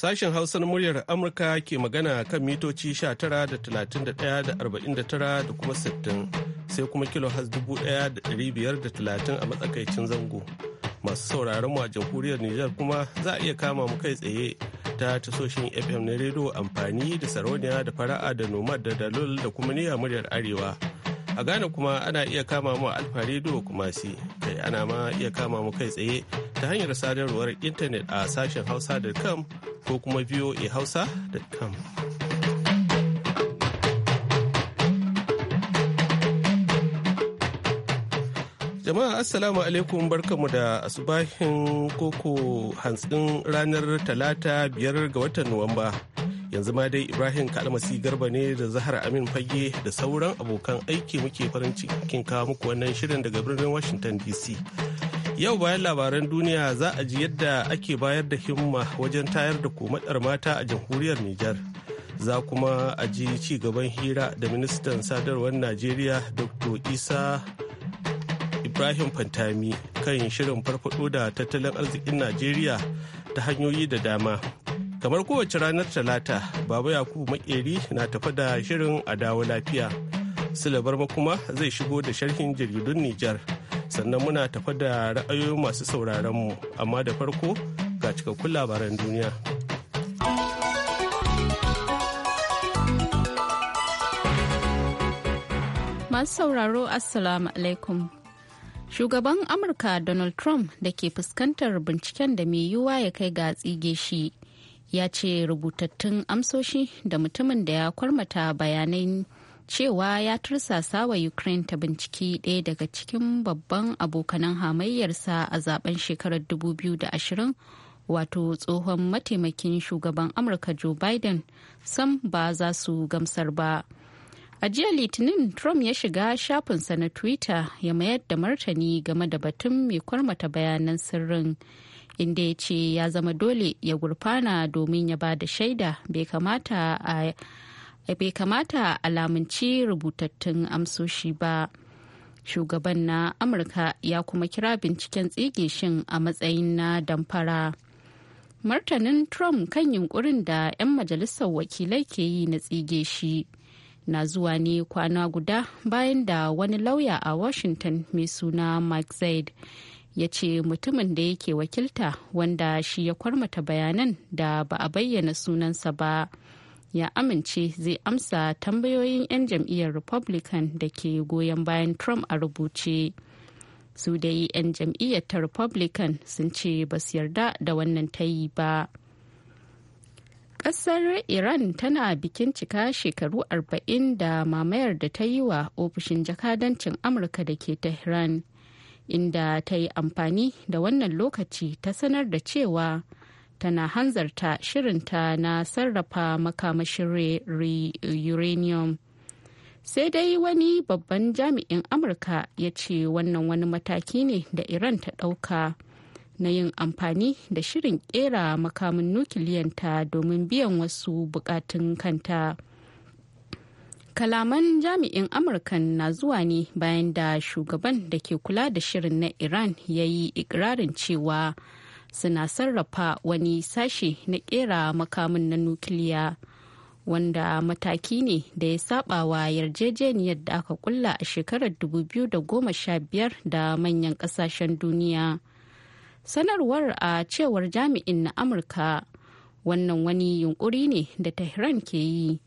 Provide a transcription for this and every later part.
Sashen Hausa na muryar Amurka ke magana kan mitoci 19 da 31 da kuma 60 sai kuma kilo has 1530 a matsakaicin zango. Masu sauraron mu a jamhuriyar Nijar kuma za a iya kama mu kai tsaye ta tasoshin FM na rediyo amfani da sarauniya da fara'a da nomad da dalol da kuma niyya muryar Arewa. a Ghana kuma ana iya kama mu alfa rediyo kuma si kai ana ma iya kama mu kai tsaye ta hanyar sadarwar intanet a sashen hausa.com ko kuma voahausa.com. jama'a assalamu alaikum barkamu da asubahin koko hantsin ranar talata biyar ga watan nuwamba yanzu ma dai ibrahim kalmasi garba ne da zahar amin fage da sauran abokan aiki muke farin cikin kawo muku wannan shirin daga birnin washington dc Yau bayan labaran duniya za a ji yadda ake bayar da himma wajen tayar da komatar mata a jamhuriyar Nijar. Za kuma a ji ci gaban hira da ministan sadarwar Najeriya Dr. Isa Ibrahim Fantami kan shirin farfado da tattalin arzikin Najeriya ta hanyoyi da dama. Kamar kowace ranar Talata, Baba Yakubu Makeri na tafa da shirin a dawo lafiya. Silabar kuma zai shigo da sharhin jaridun Nijar. sannan muna tafa da ra'ayoyin masu sauraronmu amma da farko ga cikakkun labaran duniya. Masu sauraro Assalamu alaikum. Shugaban Amurka Donald Trump da ke fuskantar binciken da mai yiwuwa ya kai ga tsige shi ya ce rubutattun amsoshi da mutumin da ya kwarmata bayanai cewa ya tursasa wa Ukraine ta binciki ɗaya daga cikin babban abokanan hamayyarsa a zaben shekarar 2020 wato tsohon mataimakin shugaban Amurka Joe Biden sam ba za su gamsar ba. A jiya Litinin Trump ya shiga shafinsa na Twitter ya mayar da martani game da batun mai kwarmata bayanan sirrin. inda ya ce ya zama dole ya gurfana domin ya ba da shaida bai kamata a Eh, bai kamata a lamunci rubutattun amsoshi ba shugaban na amurka ya kuma kira binciken tsige shin a matsayin na damfara martanin trump kan yunkurin da 'yan majalisar wakilai ke yi na tsige shi na zuwa ne kwana guda bayan da wani lauya a washington mai suna mike zaid ya ce mutumin da yake wakilta wanda shi ya kwarmata bayanan da ba a bayyana sunansa ba ya amince zai amsa tambayoyin 'yan jam'iyyar republican da ke goyon bayan trump a rubuce su dai 'yan jam'iyyar ta republican sun ce ba su yarda da wannan tayi ba kasar iran tana bikin cika shekaru 40 da mamayar da ta yi wa ofishin jakadancin amurka da ke tehran inda ta yi amfani da wannan lokaci ta sanar da cewa tana hanzarta shirinta na sarrafa makamashin uranium sai dai wani babban jami'in amurka ya ce wannan wani mataki ne da iran ta ɗauka na yin amfani da shirin kera makamin nukiliyanta domin biyan wasu bukatun kanta kalaman jami'in Amurka na zuwa ne bayan da shugaban da ke kula da shirin na iran ya yi ikirarin cewa suna sarrafa wani sashi na kera makamin na nukiliya wanda mataki ne da ya saba wa yarjejeniyar da aka kulla a shekarar 2015 da manyan kasashen duniya sanarwar a cewar jami'in na amurka wannan wani yunkuri ne da tehran ke yi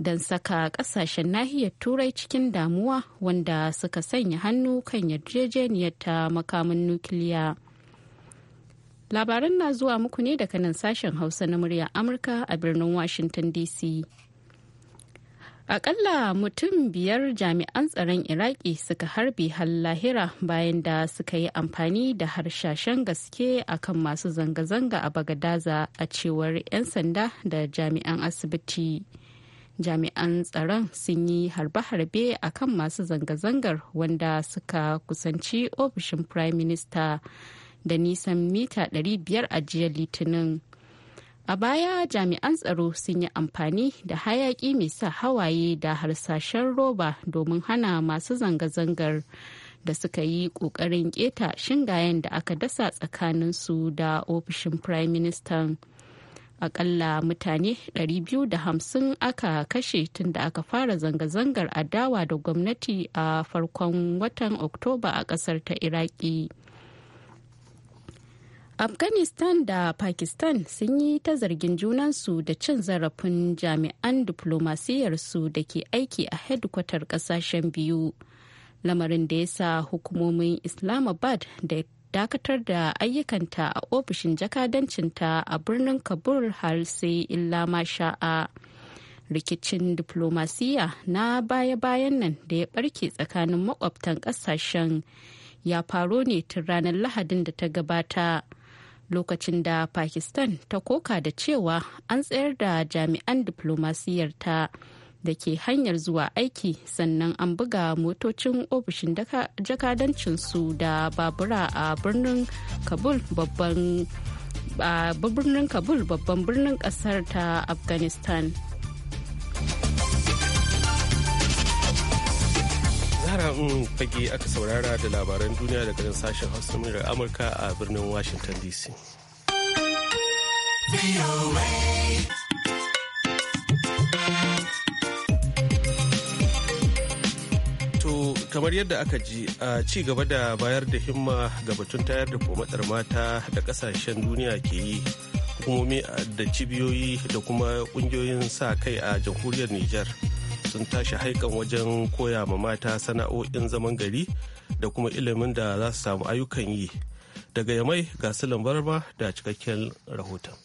don saka kasashen nahiyar turai cikin damuwa wanda suka sanya hannu kan yarjejeniyar ta makamin nukiliya. labaran na zuwa muku ne daga nan sashen hausa na murya amurka a birnin washington dc akalla mutum biyar jami'an tsaron iraki suka harbi lahira bayan da suka yi amfani da harshashen gaske akan masu zanga-zanga a bagadaza a cewar 'yan sanda da jami'an asibiti jami'an tsaron sun yi harbe-harbe akan masu zanga-zangar wanda suka kusanci ofishin prime minister da nisan mita 500 a jiya litinin a baya jami'an tsaro sun yi amfani da hayaki mai sa hawaye da harsashen roba domin hana masu zanga-zangar da suka yi ƙoƙarin keta shingayen da aka dasa tsakaninsu da ofishin prime minister akalla mutane 250 aka kashe tun da aka fara zanga-zangar adawa da gwamnati a farkon watan oktoba a kasar ta iraki afghanistan da pakistan sun yi ta zargin junansu da cin zarafin jami'an su da ke aiki a hedkwatar kasashen biyu lamarin da ya sa hukumomin islamabad da dakatar da ayyukanta a ofishin jakadancinta a birnin kabul har sai illa sha'a rikicin diplomasiya na baya-bayan nan da ya barke tsakanin makwabtan kasashen ya faro ne tun ranar lahadin da ta gabata lokacin da pakistan ta koka da cewa an tsayar da jami'an diflomasiyyar ta da ke hanyar zuwa aiki sannan an buga motocin ofishin jakadancinsu da babura a birnin kabul babban birnin kasar ta afghanistan zara in fage aka saurara da labaran duniya daga nan sashen hausa murar amurka a birnin washington dc kamar yadda aka ji a ci gaba da bayar da himma ga batun tayar da komatsar mata da kasashen duniya ke yi hukumomi da cibiyoyi da kuma kungiyoyin sa kai a jamhuriyar niger sun tashi haikan wajen koya ma mata sana'o'in zaman gari da kuma ilimin da za su samu ayyukan yi daga yamai ga silin barba da cikakken rahoton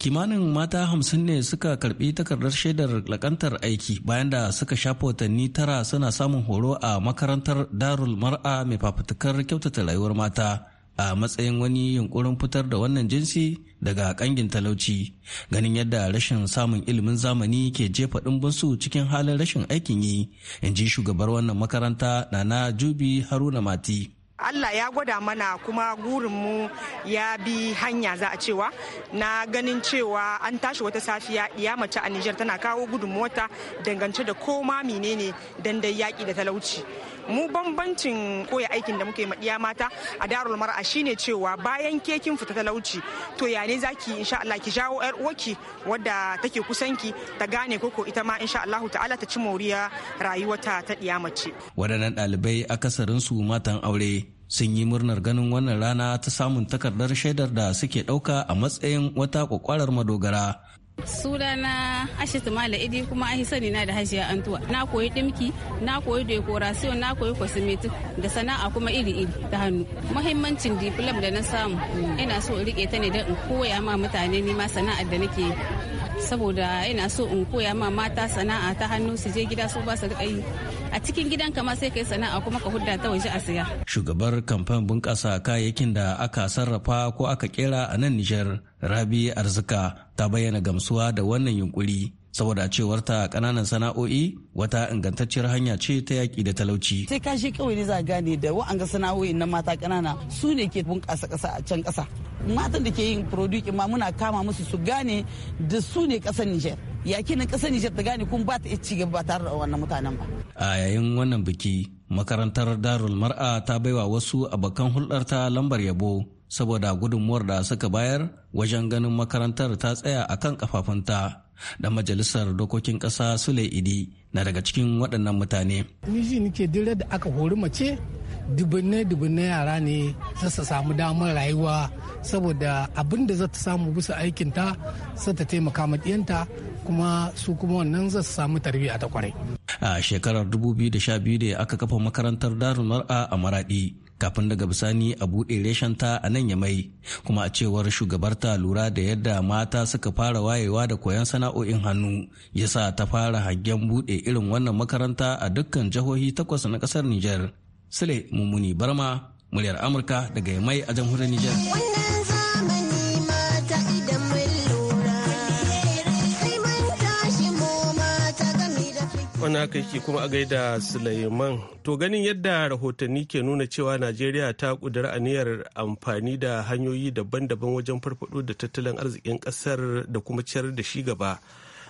kimanin mata hamsin ne suka karbi takardar shaidar lakantar aiki bayan da suka shafa watanni tara suna samun horo a makarantar darul mar'a mai fafutukar kyautata rayuwar mata a matsayin wani yunkurin fitar da wannan jinsi daga kangin talauci ganin yadda rashin samun ilimin zamani ke jefa su cikin halin rashin aikin yi in ji shugabar wannan makaranta na na jubi haruna mati Allah ya gwada mana kuma gurinmu ya bi hanya za a cewa na ganin cewa an tashi wata safiya ya mace a Nijar tana kawo gudunmuwata dangance da koma menene dandan yaƙi da talauci. mu bambancin koya aikin da muke maɗiya mata a darul mar'a shine cewa bayan kekin fita talauci to ya ne zaki insha Allah ki jawo yar uwarki wadda take kusan ki ta gane koko ita ma insha Allah ta'ala ta ci moriya rayuwarta ta ɗiya mace wadannan ɗalibai akasarin su matan aure sun yi murnar ganin wannan rana ta samun takardar shaidar da suke ɗauka a matsayin wata kwakwarar madogara Sunana Ashatu da Idi kuma an sani na da Hajiya Antuwa. Na koyi dimki, na koyi decoration, na koyi cosmetic da sana'a kuma iri-iri ta hannu. Muhimmancin diplom da na samu ina so in rike ta ne da in koya ma mutane nima ma sana'ar da nake yi. Saboda ina so in koya ma mata sana'a ta hannu su je gida su ba su riƙa yi a cikin gidan kama sai kai sana'a kuma ka hudda ta waje a siya shugabar kamfan bunƙasa kayayyakin da aka sarrafa ko aka kera a nan Nijar Rabi Arzika ta bayyana gamsuwa da wannan yunkuri saboda cewar ta kananan sana'o'i wata ingantacciyar hanya ce ta yaƙi da talauci. Sai ka shi kawai ne za a gane da wa'anga sana'o'in na mata kanana su ne ke bunƙasa ƙasa a can ƙasa. Matan da ke yin produkin ma muna kama musu su gane da su ne ƙasar Nijar. yakin ƙasar Nijar ta gane kuma ba ta ci gaba ba tare da wannan mutanen ba. A yayin wannan biki makarantar Darul Mar'a ta baiwa wasu abokan hulɗarta lambar yabo saboda gudunmuwar da suka bayar wajen ganin makarantar ta tsaya a kan kafafunta da majalisar dokokin kasa sule idi na daga cikin waɗannan mutane. Niji nike dire da aka hori mace dubunne dubunne yara ne za samu damar rayuwa saboda abin da za samu bisa aikinta za ta taimaka matiyanta kuma su kuma wannan za su samu tarbiyya ta kwarai. A shekarar 2012 da aka kafa makarantar Darun Mar'a a Maradi kafin daga bisani a buɗe reshenta a nan mai, kuma a cewar shugabarta lura da yadda mata suka fara wayewa da koyon sana'o'in hannu ya sa ta fara hangen buɗe irin wannan makaranta a dukkan jihohi takwas na ƙasar Nijar. Sule Mummuni Barma, muryar Amurka daga ya mai a jamhuriyar Nijar. wani haka kuma a gaida Sulaiman. To ganin yadda rahotanni ke nuna cewa Najeriya ta kudura aniyar amfani da hanyoyi daban-daban wajen farfado da tattalin arzikin kasar da kuma ciyar da shi gaba.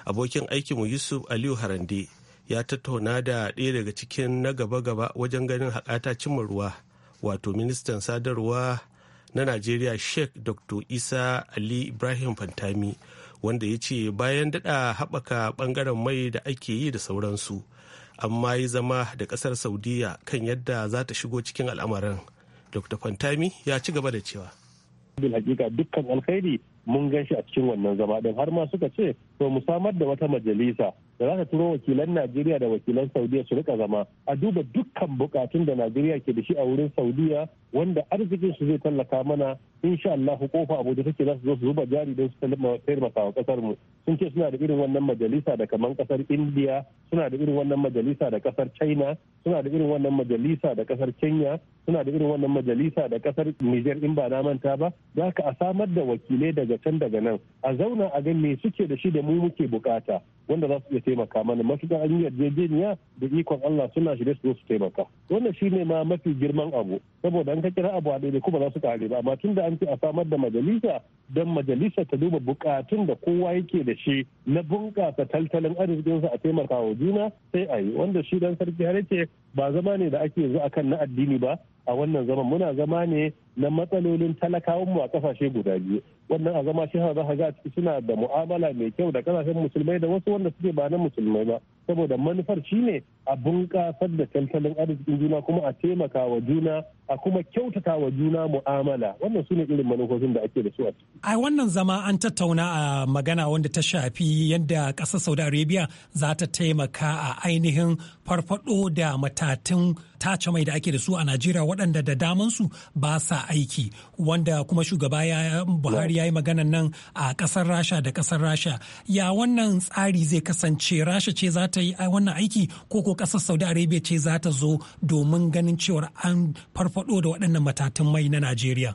Abokin aikinmu Yusuf Aliyu Harande ya tattauna da ɗaya daga cikin na gaba-gaba wajen ganin haƙata cimma ruwa, wato ministan sadarwa na Najeriya Sheikh Dr. Isa Ali Ibrahim Fantami. wanda ya ce bayan daɗa haɓaka ɓangaren mai da ake yi da sauransu amma yi zama da ƙasar saudiya kan yadda za ta shigo cikin al'amarin dr fantami ya ci gaba da cewa bil hakika dukkan alkhairi mun gan shi a cikin wannan zama din har ma suka ce to mu samar da wata majalisa da za ta turo wakilan Najeriya da wakilan Saudiya su rika zama a duba dukkan bukatun da Najeriya ke da shi a wurin Saudiya wanda arzikin su zai tallaka mana insha Allah kofa abuja take za su zo su zuba jari don su taimaka wa kasar mu sun ce suna da irin wannan majalisa da kaman kasar India suna da irin wannan majalisa da kasar China suna da irin wannan majalisa da kasar Kenya suna da irin wannan majalisa da kasar Niger in ba na manta ba za ka a samar da wakilai daga can daga nan a zauna a ga me suke da shi da mu muke bukata wanda za su iya taimaka mana matuƙa an yarjejeniya da ikon Allah suna shi da su su taimaka wannan shine ma mafi girman abu saboda an ka kira abu a daidai kuma za su kare ba amma tun da an ce a samar da majalisa don majalisa ta duba bukatun da kowa yake da shi na bunƙasa tattalin arzikinsa a taimaka wa juna sai a yi wanda shi dan sarki har ce ba zama ne da ake yanzu akan na addini ba a wannan zaman muna zama ne na matsalolin talakawan mu a kasashe guda biyu wannan a zama shi za ga suna da mu'amala mai kyau da kasashen musulmai da wasu wanda suke ba na musulmai ba saboda manufar shi ne. a bunƙasar da tattalin arzikin juna kuma a taimaka wa juna a kuma kyautata wa juna mu'amala wannan su ne irin manufofin da ake da su a ciki. a wannan zama an tattauna a magana wanda ta shafi yadda ƙasar saudi arabia za ta taimaka a ainihin farfaɗo da matatun tace mai da ake da su a najeriya waɗanda da damansu ba sa aiki wanda kuma shugaba ya buhari ya yi maganan nan a ƙasar rasha da ƙasar rasha ya wannan tsari zai kasance rasha ce za ta yi wannan aiki ko ko kasar saudi arabia ce za ta zo domin ganin cewar an farfado da waɗannan matatan mai na najeriya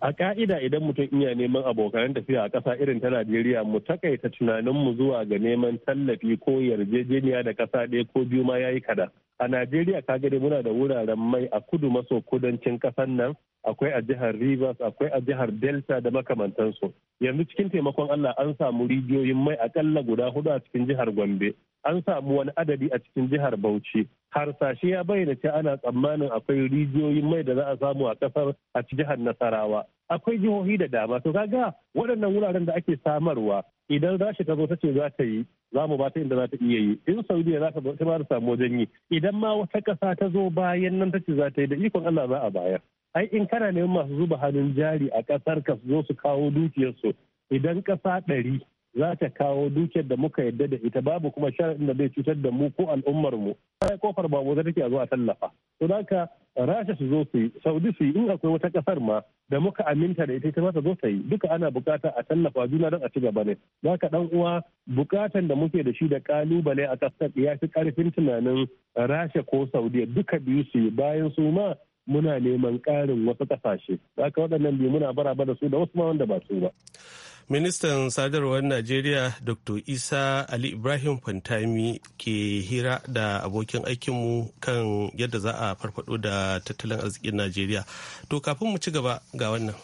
a ka'ida idan mutum iya neman abokan tafiya a ƙasa irin ta najeriya mu takaita tunaninmu zuwa ga neman tallafi ko yarjejeniya da ƙasa ɗaya ko biyu ma yayi kada a najeriya kaga gani muna da wuraren mai a kudu maso kudancin ƙasar nan akwai a jihar rivers akwai a jihar delta da makamantansu yanzu cikin taimakon allah an samu rijiyoyin mai akalla guda hudu a cikin jihar gombe an samu wani adadi a cikin jihar bauchi harsashe ya bayyana cewa ana tsammanin akwai rijiyoyin mai da za a samu a kasar a jihar nasarawa akwai jihohi da dama to kaga waɗannan wuraren da ake samarwa idan rasha ta zo ta ce za ta yi za mu ba ta inda za ta iya yi in saudiya za ta ba ta samu wajen yi idan ma wata ƙasa ta zo bayan nan ta ce za ta yi da ikon allah za a bayar ai in kana neman masu zuba hannun jari a ƙasar ka su zo su kawo dukiyarsu idan ƙasa ɗari za ta kawo dukiyar da muka yadda da ita babu kuma sharaɗin da zai cutar da mu ko al'ummar mu sai kofar ba wata take a zo a tallafa to haka rasha su zo su yi saudi su yi in akwai wata kasar ma da muka aminta da ita ita ta zo ta yi duka ana bukata a tallafa juna don a ci gaba ne za ka dan uwa bukatan da muke da shi da kalubale a kasar ya fi karfin tunanin rasha ko saudi duka biyu su yi bayan su ma muna neman karin wasu kasashe ka waɗannan biyu muna baraba da su da wasu ma wanda ba su ba ministan sadarwar najeriya dr isa ali ibrahim fantami ke hira da abokin aikinmu kan yadda za a farfado da tattalin arzikin najeriya to kafin mu ci gaba ga wannan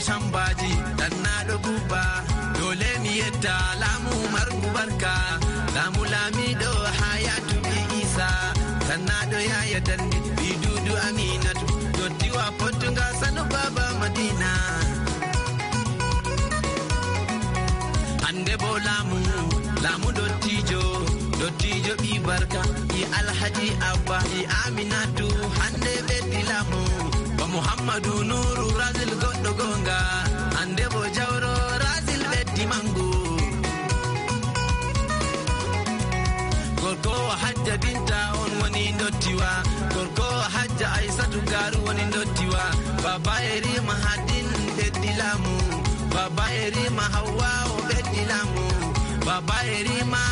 shambaji dan na guba dole mieta, yadda lamu margu barka lamu lami do tu bi isa sanna do ya yadda bi dudu aminatu potu potunga sanu baba madina ande bolamu, lamu lamu dottijo dottijo bi barka i alhaji abba i aminatu hande be dilamu muhammadu nuru razil goɗɗo gonga andebo jawro razil ɓeddi mango gorkowo hajja binta on woni dottiwa gorkowo hajja aissatu garu woni dottiwa baba erima hadin ɓeddi lamu baba erima hawwa o ɓeddi lamu baba erima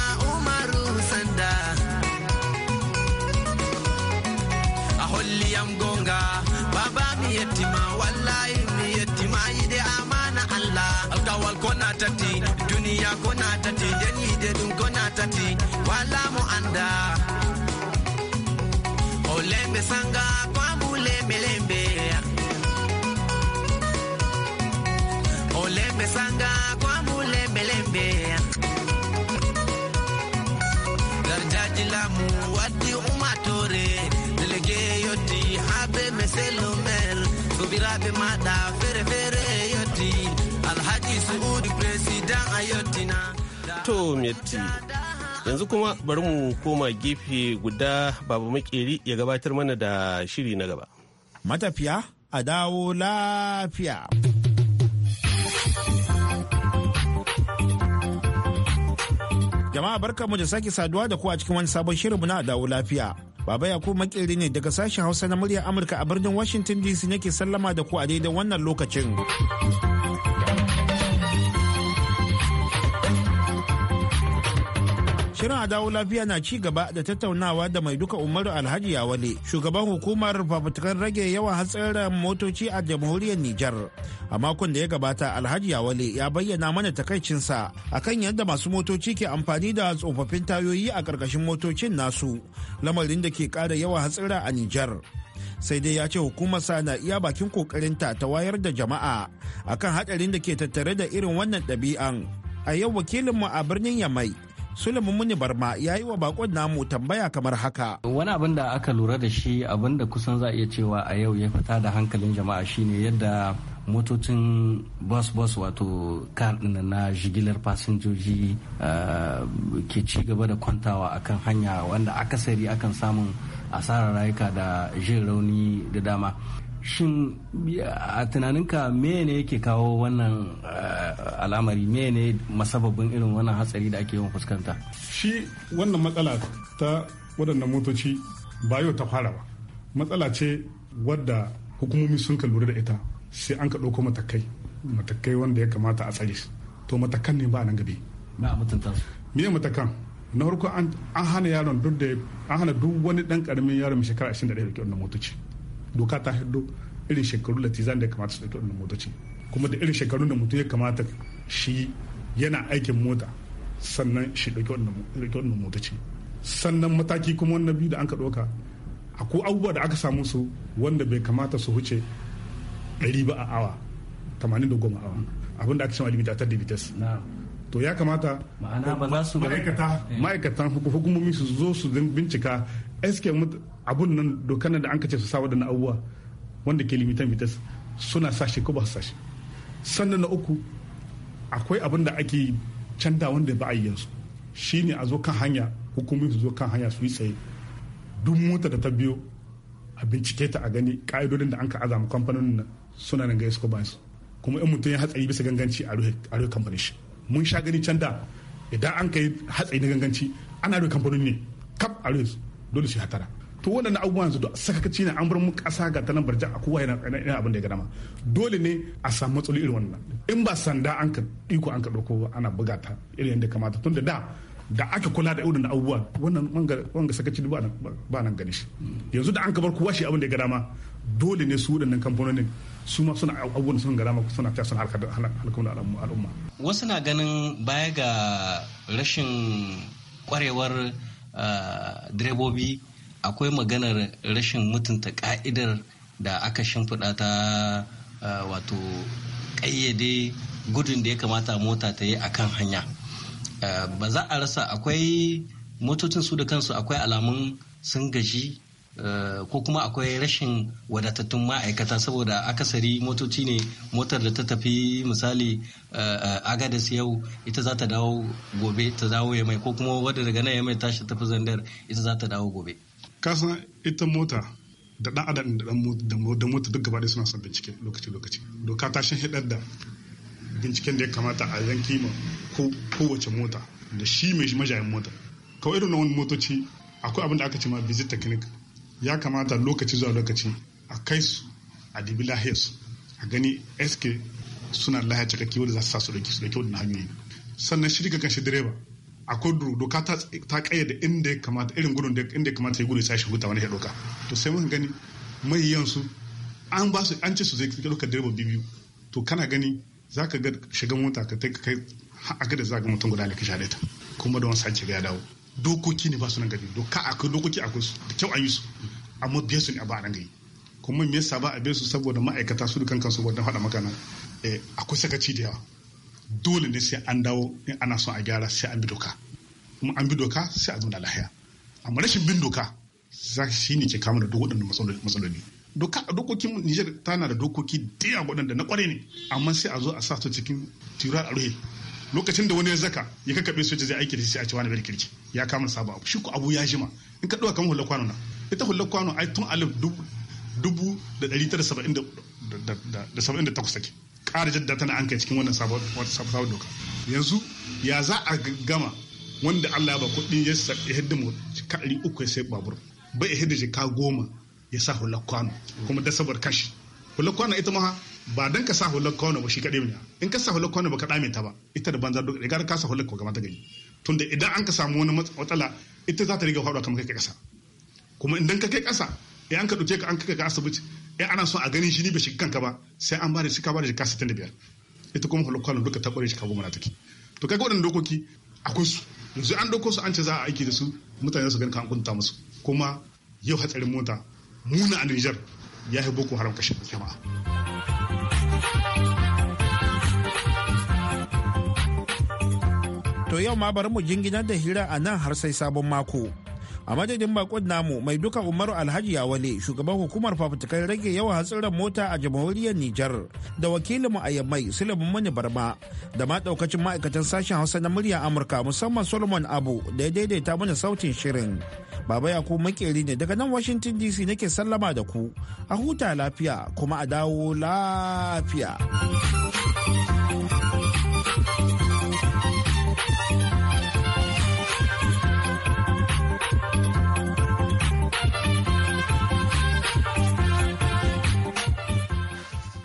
yettima wallahi mi yettima yide amana allah alkawal ko natati duniya ko natati nden yide ɗum ko natati wala mo anda Olembe sanga ko ambu lembe lembe o sanga ko ambu lembe lembe lamu waddi zaɓi maɗa fere-fere yotti yanzu kuma bari mu koma gefe guda babu makeri ya gabatar mana da shiri na gaba matafiya a dawo lafiya jama'a barkamu da sake saduwa da ku a cikin wani sabon shirinmu na dawo lafiya Baba Yakub makeri ne daga sashen Hausa na murya Amurka a birnin Washington DC nake sallama da ku a daidai wannan lokacin. Shirin Adawo Lafiya na ci gaba da tattaunawa da mai duka Umaru Alhaji Yawale, shugaban hukumar fafutukan rage yawan hatsarin motoci a jamhuriyar Nijar. A makon da ya gabata Alhaji Yawale ya bayyana mana takaicinsa akan yadda masu motoci ke amfani da tsofaffin tayoyi a ƙarƙashin motocin nasu, lamarin da ke ƙara yawan hatsarin a Nijar. sai dai ya ce hukumar sa na iya bakin kokarinta ta wayar da jama'a akan hadarin da ke tattare da irin wannan ɗabi'an a yau wakilinmu a birnin yamai Suleiman Muni Barma ya yi wa bakon namu tambaya kamar haka. Wani abin da aka lura da shi abin da kusan za a iya cewa a yau ya fita da hankalin jama'a shine yadda motocin bus-bus wato kan na jigilar fasinjoji eh, ke ci gaba da kwantawa akan hanya wanda akasari akan samun asarar rayuka da jin rauni da dama. shin a tunaninka ne yake kawo wannan eh, al'amari ne masababin irin wannan hatsari da ake yawan fuskanta shi wannan matsala ta waɗannan motoci ba yau ta fara ba matsala ce wadda hukumomi sun ka lura da ita sai an ka ɗauko matakai matakai wanda ya kamata a tsare to matakan ne ba nan gabe Na mutunta su me matakan na farko an hana yaron duk da an hana duk wani dan karamin yaron shekara 21 da ke wannan motoci doka ta haddo irin shekaru tizan da ya kamata su ɗauki wannan motoci kuma da irin shekaru da mutum ya kamata shi yana aikin mota sannan shi ɗauki wannan motoci sannan mataki kuma wannan biyu da an ka ɗauka akwai abubuwa da aka samu su wanda bai kamata su huce ɗari ba a awa 80 da goma awa abinda aka cewa limitatar da vitesse to ya kamata eh. ma'aikatan hukumomi su zo su bincika eske abun nan dokan da an kace su sa waɗannan abubuwa wanda ke limitan vitas suna sashi ko ba su sashi sannan na uku akwai abin da ake canda wanda ba a yi yanzu shine a zo kan hanya hukumomi su zo kan hanya su yi tsaye duk mota da ta biyo a bincike ta a gani ka'idodin da an ka azama kamfanonin nan suna nan gaisu ko ba su kuma in mutum ya hatsari bisa ganganci a rufe kamfanin shi mun sha gani can da idan an kai hatsayi na ganganci ana da kamfanoni ne kap a rufe dole shi hatara to waɗannan abubuwan yanzu sakakaci ne an bar mu kasa ga ta nan barja a kowa yana abin da ya gama dole ne a samu matsaloli irin wannan in ba sanda an ka iko an ka dauko ana buga ta irin yadda kamata tun da da da aka kula da irin abubuwa wannan wanga sakaci ba nan gani shi yanzu da an ka bar kowa shi abin da ya gama dole ne su waɗannan kamfanonin su ma suna abubuwan sun gara ma suna fita suna halakar al'umma. Wasu na ganin baya ga rashin kwarewar ah, direbobi akwai maganar rashin mutunta ka'idar da aka shimfiɗa ta ah, wato ƙayyade gudun da ya kamata mota ta yi a kan hanya. Ah, ba za a rasa akwai motocin su da kansu akwai alamun sun gaji Eh, ko kuma akwai rashin wadatattun ma'aikata saboda akasari motoci ne motar da ta tafi misali eh, eh, agadas yau ita za ta dawo gobe ta dawo ya mai ko kuma wadda daga nan ya mai tashi tafi zandar ita za ta dawo gobe kasan ita mota da dan adam da mota duk gaba suna son bincike lokaci lokaci doka ta shin hidar da binciken da ya kamata a yanki ma kowace mota da shi mai majayin mota kawai irin wani motoci akwai abin da aka ce ma visit technique ya kamata lokaci zuwa lokaci a kai su a dibi lahiyarsu a gani sk suna lahiya cikakke wanda za su sa su dauki su dauki wannan hanyoyi sannan shi daga kanshi direba akwai doka ta kayyade inda ya kamata irin gudun da inda ya kamata ya gudu sai shi huta wani ya doka to sai mun gani mai yansu an ba su an ce su zai dokar direba biyu to kana gani za ka ga shiga mota ka kai a gada za ga mutum guda ne ka share ta kuma da wani sace ya dawo dokoki ne ba su nan gari doka akwai dokoki a kusa da kyau an yi su amma biya su ne a ba nan gari kuma me yasa ba a biya su saboda ma'aikata su dukan kansu wajen haɗa magana a eh, akwai sakaci da yawa dole ne sai an dawo in ana son a gyara sai an bi doka kuma an bi doka sai a zauna lahiya amma rashin bin doka za shi ne ke kama da duk waɗannan matsaloli doka a dokokin Nijar tana da dokoki da yawa waɗanda na ƙware ne amma sai a zo a sa su cikin turar a ruhe lokacin da wani ya zaka ya kakkaɓe soja zai aiki da shi a cewa na bai kirki ya kama sabon abu shi ku abu ya jima in ka ɗauka kama hula kwano na ita hula kwano ai tun alif dubu da ɗari tara saba'in da saba'in da takwas take ƙara jadda na an kai cikin wannan sabon doka yanzu ya za a gama wanda Allah ya ba kuɗi ya ya hidda mu ka ɗari uku ya sai babur bai ya hidda shi ka goma ya sa hula kwano kuma da sabar kashi hula kwano ita ma ba dan ka sa hular kwano ba shi kaɗai ne in ka sa hular kwano ba ka ɗame ta ba ita da banza duk rigar ka sa hular kwano ta gani tunda idan an ka samu wani matsala ita za ta riga faruwa kamar kai ƙasa kuma idan ka kai ƙasa in an ka ɗauke ka an kai ka asibiti in ana son a ganin shi ni bai shi kanka ba sai an bari shi ka bari shi ka biyar ita kuma hular kwano duka ta ƙware shi ka goma na take to ka waɗannan dokoki akwai su yanzu an ɗauko su an ce za a aiki da su mutane su gani ka an kunta musu kuma yau hatsarin mota muna a Nijar ya yi boko haram kashe jama'a. To yau ma bari mu jinginar da hira a nan har sai sabon mako. a madadin bakon namu mai duka umaru alhaji yawale shugaban hukumar fafutukar rage yawan hatsarin mota a jamhuriyar nijar da wakilinmu a yammai sulaiman mani barma da ma daukacin ma'aikatan sashen hausa na muryar amurka musamman solomon abu da ya daidaita mana sautin shirin baba yaku makeri ne daga nan washington dc nake sallama da ku a huta lafiya kuma a dawo lafiya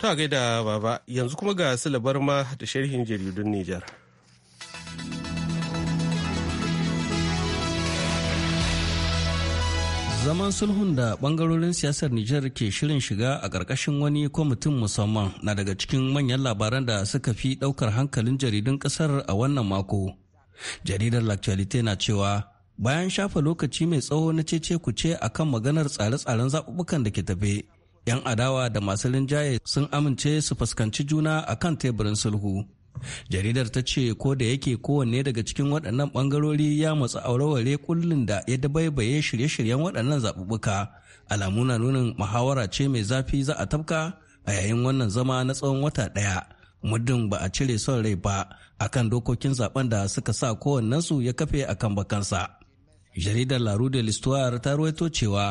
Ta gaida baba yanzu kuma ga silabar ma da sharhin jaridun Nijar. zaman sulhun da bangarorin siyasar Nijar ke shirin shiga a ƙarƙashin wani kwamitin musamman na daga cikin manyan labaran da suka fi ɗaukar hankalin jaridun ƙasar a wannan mako. Jaridar L'Actualité na cewa bayan shafa lokaci mai tsawo na cece kuce a kan maganar tsare-tsaren zaɓuɓɓukan da ke tafe 'yan adawa da masu rinjaye sun amince su fuskanci juna a kan teburin sulhu jaridar ta ce ko da yake kowanne daga cikin waɗannan ɓangarori ya matsa auraware kullum da ya dabaibaye shirye-shiryen waɗannan zaɓuɓɓuka alamu na nunin muhawara ce mai zafi za a tafka a yayin wannan zama na tsawon wata ɗaya muddin ba a cire son rai ba akan dokokin zaben da suka sa kowannensu ya kafe akan bakansa jaridar larude rue ta ruwaito cewa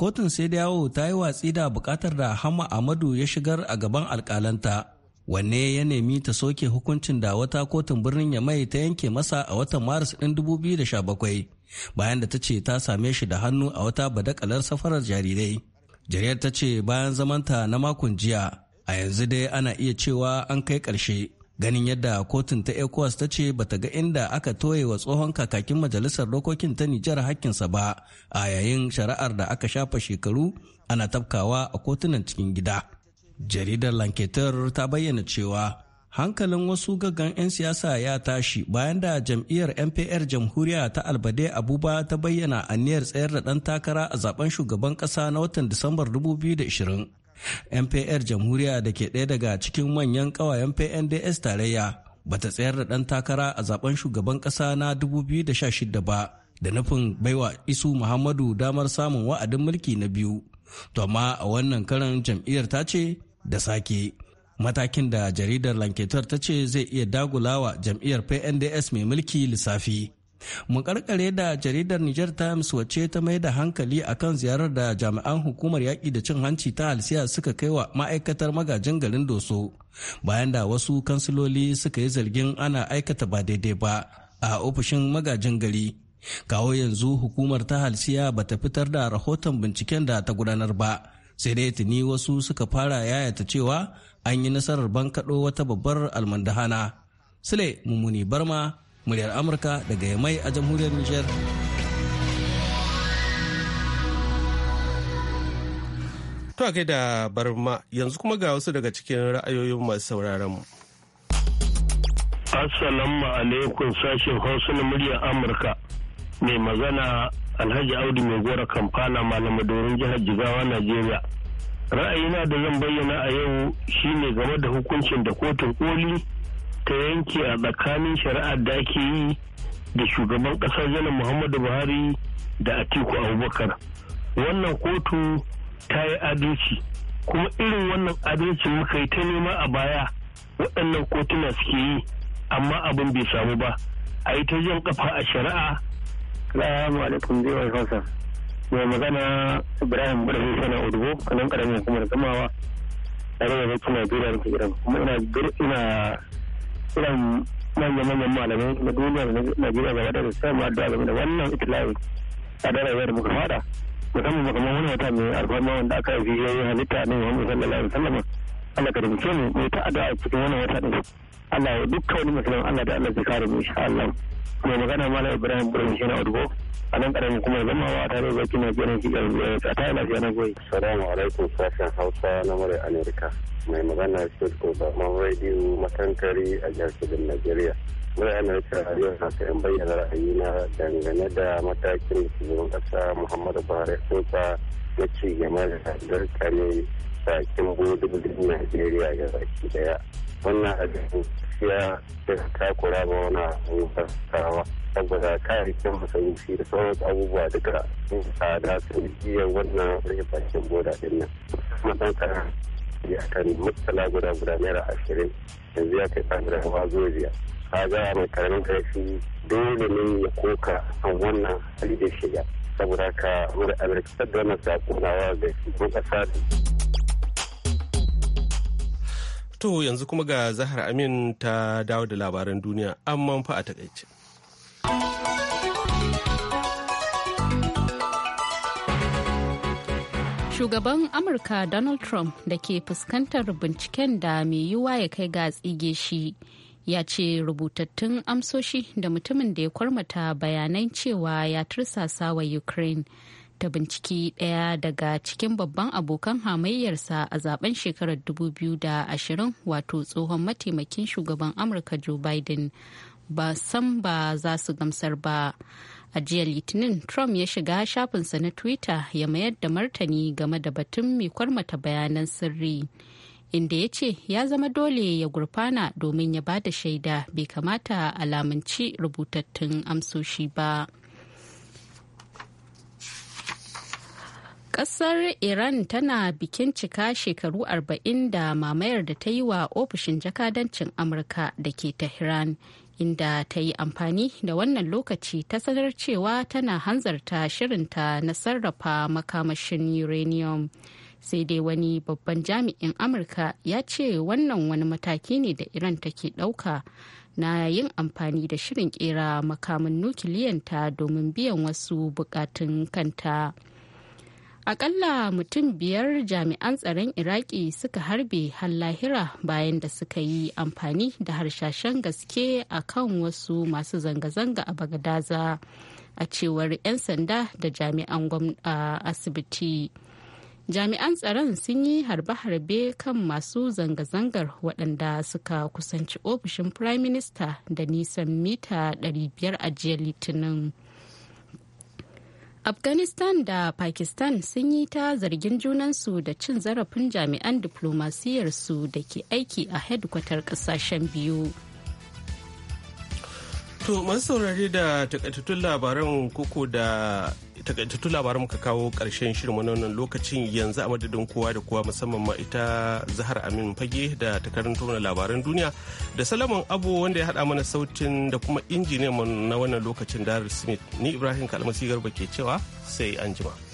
kotun sai yawo ta yi watsi da bukatar da hama amadu ya shigar a gaban alkalanta wanne ya nemi ta soke hukuncin da wata kotun birnin yamai ta yanke masa a watan maris ɗin 2017 bayan da ta ce ta same shi da hannu a wata badakalar safarar jarirai jariyar ta ce bayan zamanta na makon jiya a yanzu dai ana iya cewa an kai ƙarshe ganin yadda kotun ta ecowas ta ce bata ga inda aka toye wa tsohon kakakin majalisar dokokin ta nijar hakkinsa ba a yayin shari'ar da aka shafa shekaru ana tafkawa a kotunan cikin gida jaridar lanketer ta bayyana cewa hankalin wasu gaggan 'yan siyasa ya tashi bayan da jam'iyyar mpr jamhuriya ta albade abuba ta bayyana aniyar tsayar da ɗan takara a zaben shugaban ƙasa na watan disambar 2020 mpr jamhuriya da ke ɗaya daga cikin manyan ƙawayen pnds tarayya ba ta tsayar da ɗan takara a zaben shugaban ƙasa na 2016 ba da nufin baiwa isu muhammadu damar samun wa'adin mulki na biyu to amma a wannan karan jam'iyyar ta ce da sake matakin da jaridar lanketar ta ce zai iya dagulawa jam'iyyar pnds mai mulki lissafi Mu karkare da jaridar Niger Times wacce ta mai da hankali akan ziyarar da jami'an hukumar yaƙi da cin hanci ta halsiya suka kai wa ma'aikatar magajin garin Doso bayan da wasu kansiloli suka yi zargin ana aikata ba daidai ba a ofishin magajin gari. Kawo yanzu hukumar ta halsiya ba ta fitar da rahoton binciken da ta gudanar ba. Sai dai tuni wasu suka fara yayata cewa an yi nasarar bankaɗo wata babbar almandahana. Sule Mummuni Barma muryar amurka daga yamai a jamhuriyar niger to a da barma yanzu kuma ga wasu daga cikin ra'ayoyin masu sauraron mu assalamu alaikum sashen hausa muryar amurka mai magana alhaji audu mai gora kamfana malamadorin jihar jigawa najeriya ra'ayina da zan bayyana a yau shine game da hukuncin da kotun koli ta yanke a tsakanin shari'ar da ake yi da shugaban ƙasar janar muhammadu buhari da atiku abubakar wannan kotu ta yi adalci kuma irin wannan adalci muka yi ta nema a baya waɗannan kotuna suke yi amma abin bai samu ba a yi ta jan kafa a shari'a alaikum zai mai magana ibrahim burhan sana udubo a nan ƙaramin hukumar gamawa tare da zai najeriya da kuma ina irin manya-manyan malamai na duniya da na Najeriya gaba da sai ma da game da wannan itila'i a da rayuwar da muka fada musamman makamman wani wata mai alfarma wanda aka yi yayin halitta ne Muhammad sallallahu alaihi wasallam Allah ka rubuce mu mu ta addu'a cikin wannan wata din Allah ya dukka wani musulman Allah da Allah zai kare mu insha Allah mai magana malam Ibrahim Burin shi na Odbo a nan karamin kuma zama wa tare da kina jiran shi a tare lafiya na goyi assalamu alaikum sashen Hausa na mura Amerika mai magana Sud Obama Radio Matankari a jihar Kudin Najeriya mura Amerika a yau na kan bayyana ra'ayina dangane da matakin shugaban kasa Muhammadu Buhari sosa na ci game da zarkane bakin bodin Najeriya ga baki daya wannan ajiyar siya da takura ba wani tawa saboda kayayyakin masarufi da sauran abubuwa daga sun tsada sun iya wannan rage bakin boda din nan musamman ya kan mutala guda guda naira ashirin yanzu ya kai kan da ba zuwa biya kaga mai karamin karfi dole ne ya koka an wannan hali shiga saboda ka wurin amurka da masu akwai kasa To yanzu kuma ga Zahar Amin ta dawo da labaran duniya amma fa a takaice. Shugaban Amurka Donald Trump da ke fuskantar binciken da mai yiwuwa ya kai ga tsige shi ya ce rubutattun amsoshi da mutumin da ya kwarmata bayanai cewa ya tursasa wa Ukraine ta binciki ɗaya daga cikin babban abokan hamayyarsa a zaben shekarar 2020 wato tsohon mataimakin shugaban amurka joe biden ba san ba za su gamsar ba a jiya litinin trump ya shiga shafinsa na twitter ya mayar da martani game da batun mai kwarmata bayanan sirri inda ya ce ya zama dole ya gurfana domin ya ba da shaida bai kamata lamunci rubutattun amsoshi ba. Ƙasar Iran tana bikin cika shekaru 40 da mamayar da ta yi wa ofishin jakadancin Amurka da ke Tehran, inda ta yi amfani da wannan lokaci ta sanar cewa tana hanzarta shirinta na sarrafa makamashin uranium. Sai dai wani babban jami'in Amurka ya ce wannan wani mataki ne da Iran take ɗauka na yin amfani da shirin ƙera makamin nukiliyanta domin biyan wasu bukatun kanta. akalla mutum biyar jami'an tsaron iraki suka harbe lahira bayan da suka yi amfani da harshashen gaske a kan wasu masu zanga-zanga a bagadaza a cewar 'yan sanda da jami'an asibiti jami'an tsaron sun yi harbe-harbe kan masu zanga-zangar waɗanda suka kusanci ofishin Firayim Minista da nisan mita 500 a jiya litinin afghanistan da pakistan sun yi ta zargin junansu da cin zarafin jami'an diplomasiyarsu da ke aiki a hedkwatar kasashen biyu to masu saurari da takaitattun labaran koko da takaitattun labaran ka kawo karshen shirin wannan lokacin yanzu a madadin kowa da kowa musamman ma ita zahar amin fage da takarin tona labaran duniya da salaman abu wanda ya haɗa mana sautin da kuma injiniyan na wannan lokacin darar smith ni ibrahim kalmasi garba ke cewa sai anjima.